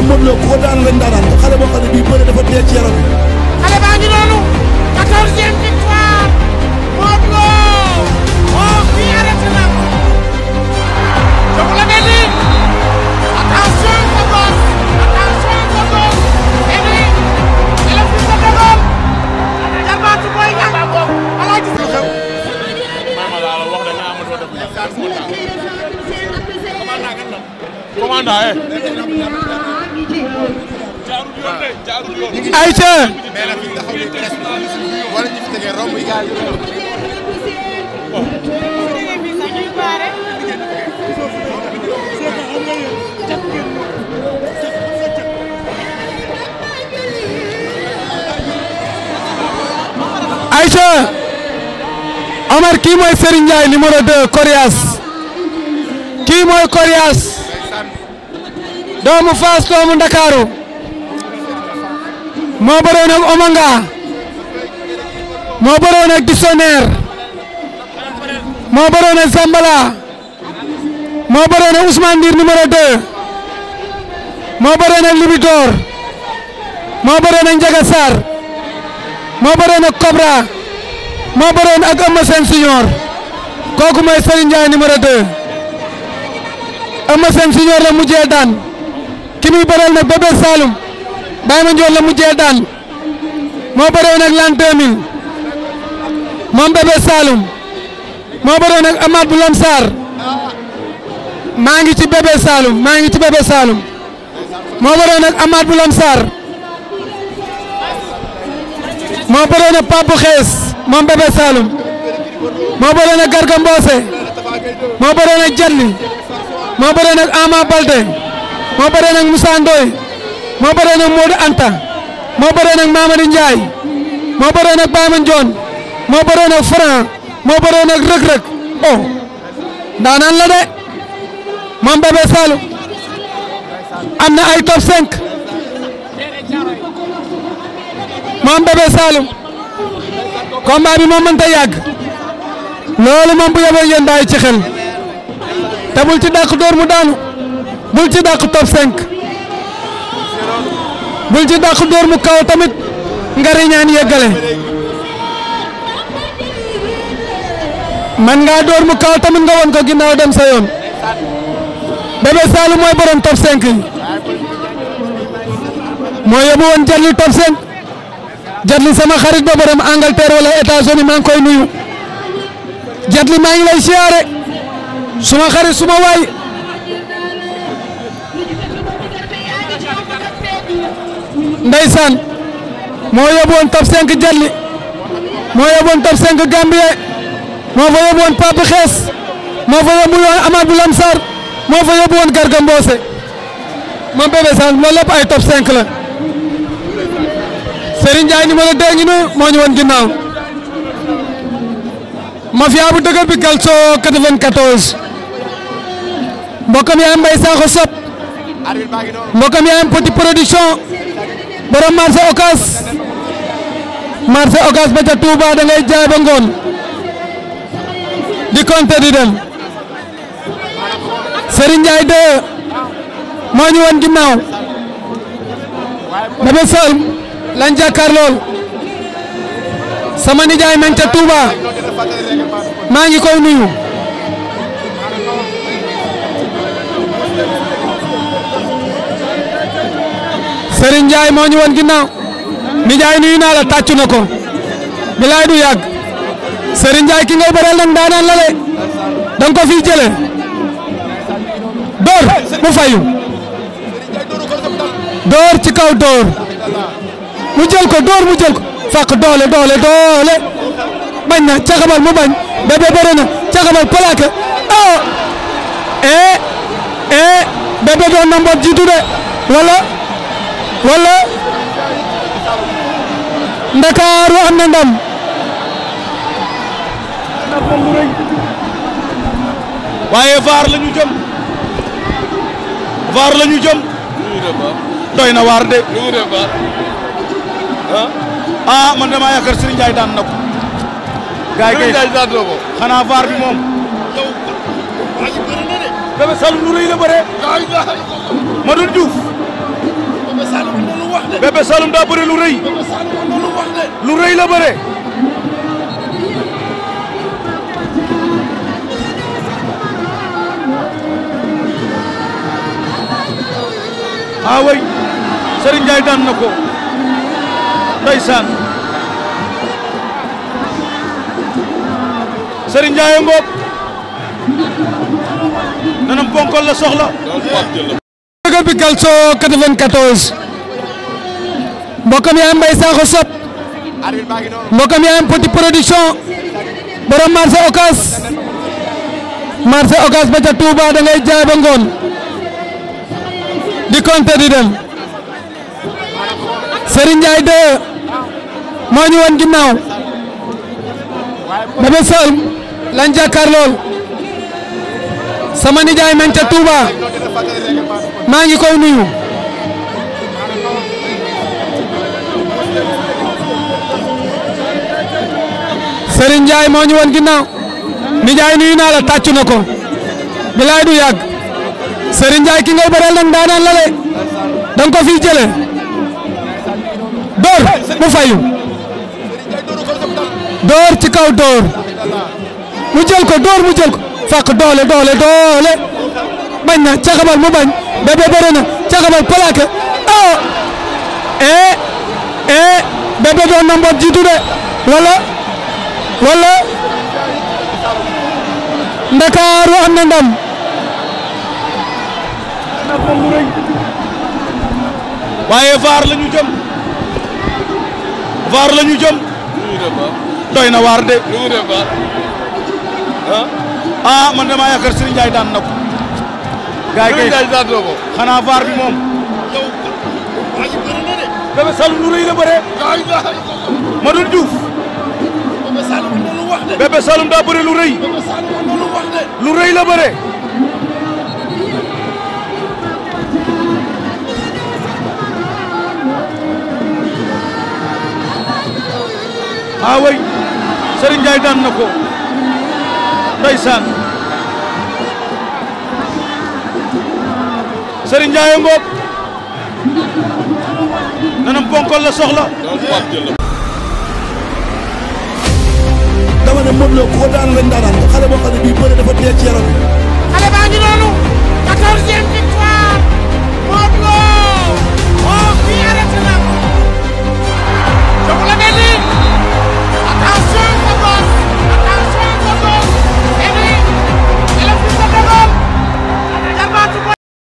ne Modou Lo ku ko daan rek daanaan ko xale boo xam ne bii bëre dafa dee ci yaram baa ngi noonu quatorzième victoire Modou Lo oh kii arrêté na ko eh, la benn attention sa gauche attention sa gauche Henry sa dogoon jarbaatu booy ñax ala gis lu ayca. ayca Omar kii mooy Serigne Ndiaye numéro 2 Coriace kii mooy Coriace. doomu Fass doomu Ndakaaru moo bëroon ak Omanga moo bëroon ak Dictionnaire moo bëroon ak Zambala moo bëroon ak Ousmane Ndir numéro moo bëroon ak Libitor moo bëroon ak Ndiaga moo bëroon ak Cobra moo bëroon ak Eumeu Sène kooku mooy Serigne Ndiaye numéro 2 Eumeu Sène Senior la mujjee ki muy bëreel nag Bébé Saloum Baye Mandione la mujjee daan moo bëree nag l'an 2000 moom Bébé Saloum moo bëree nag Amath bu Lamsar maa ngi ci Bébé Saloum maa ngi ci Bébé Saloum moo bëree nag Amath moo bëree nag Xees moom Bébé Saloum moo bëree nag Garga Mbossé moo bëree nag Jadli moo bëree nag Ama moo bëree nag Moussa moo bëree nag Modou Anta moo bëree nag Mamadou Ndiaye moo bëree nag Baye Mandione moo bëree nag Franc moo bëree nag Reug Reug oh daanaan la de moom Bébé Saloum am na ay top 5 moom Bébé Saloum combat bi mënta yàgg loolu moom bu yaboo ngeen bàyyi ci xel te bul ci dàq daanu. bul ci dàq top 5 bul ci dàq dóor mu kaw tamit nga riñaan yeggale man ngaa dóor mu kaw tamit nga won ko ginnaaw dem sa yoon Bébé Saloum mooy borom top 5 yi moo yóbbu top 5 Jadli sama xarit ba borom Angleterre wala États-Unis maa koy nuyu Jadli maa lay siyaare suma xarit suma waay ndeysaan moo yóbbuwoon top 5 Jalli moo yóbbuwoon top 5 Gambie moo fa yóbbuwoon Pape Xees moo fa yóbbuwoon Amadou Lamsar moo fa yóbbuwoon Garga Mbossé moom Bébé Saloum loolu ay top 5 la Serigne Ndiaye numéro 2 ngi noonu moo ñu woon ginnaaw mafia bu dëgër bi Calcio 94 mbokkam yaayam Mbaye Sakho mbokkam yaayam Petit Production. borom marché Ocass marché Ocass ba ca Touba jaay ba ngoon di compter di dem Serigne Ndiaye 2 moo ñu woon ginnaaw Bébé Saloum lañ jàkkaar sama nijaay man ca Touba maa ngi koy nuyu. Serigne Ndiaye moo ñu woon ginnaaw nijaay nuyu naa la tàccu na ko bilaay du yàgg Serigne Ndiaye ki ngay bëreel nag daanaan la de danga fi jële door mu fayu door ci kaw door mu jël ko door mu jël ko fàq doole doole doole bañ na caxabal mu bañ bébé bëre na caxabal plaqué oh eh eh bébé doon na mboot jiitu de wala. wala Ndakaaru am na waaye vaar la ñu jëm vaar la ñu jëm doy na waar de ah, ah man damaa yaakaar Serigne Ndiaye daan na ko gaay kay xanaa bi moom bébé Saloum lu rëy Bébé Saloum daa bëri lu rëy. lu rëy la bëre. ah way Serigne Ndiaye na ko ndeysaan Serigne Ndiaye ngoog ponkol la soxla. bi Calcio 94 mbokkam yaa am Mbaye Sakho Sop mbokkam yaa am Petit Production borom marché Ocass marché Ocass ba ca Touba da jaay ba ngoon di compter di dem Serigne Ndiaye 2 moo ñu woon ginnaaw ba ba Sall lañ jàkkaar lool sama nijaay man ca Touba. maa ngi koy nuyu. Serigne Ndiaye moo ñu woon ginnaaw. Ndiaye nuyu naa la tàccu ko. bilaay du yàgg. Serigne ki ngay bëreel nag daanaan la de. da nga ko fiy mu fayu. door ci kaw door. mu jël ko door mu jël ko. fàq doole doole doole. bañ na caxabal mu bañ bébé bëre na caxabal plaqué oh eh eh bébé na mboot jiitu de wala wala Ndakaaru am waaye vaar la jëm vaar la jëm doy na waar de ah man damaa yaakaar Serigne Ndiaye daan na gaay kay xanaa vaar bi moom. Bébé Saloum lu rëy la bëree. Madou Diouf. Bébé Saloum daa bëri lu rëy. lu rëy la bëree. ah way Serigne na ko ndeysaan Serigne Ndiaye Ngop nanam ponkol la soxla. dama ne Modou Lo ku ko daan rek xale boo xam bii bëre dafa dee ci xale baa ngi noonu 14e